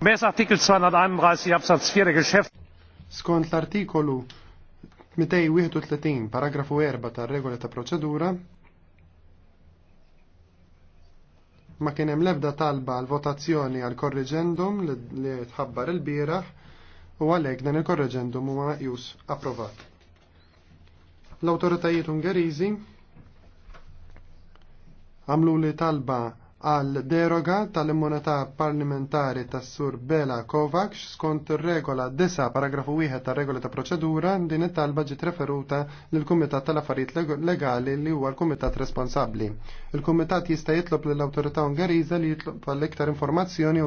231 absatz 4 geschäft. Skont l-artikolu 231 paragrafu 4 tar-regola ta' proċedura ma kien hemm l-ebda talba għal votazzjoni għal korreġendum li tħabbar il-bieraħ u għalhekk dan il-korreġendum huwa maqjus approvat. L-awtoritajiet Ungeriżi għamlu li talba għal deroga tal-immunità parlamentari tas sur Bela Kovacs skont regola 10 paragrafu 1 tar regola ta' proċedura din it-talba ġiet referuta lil kumitat tal-affarijiet legali li huwa l-kumitat responsabbli. Il-kumitat jista' jitlob lill-awtorità Ungeriża li jitlob għal iktar informazzjoni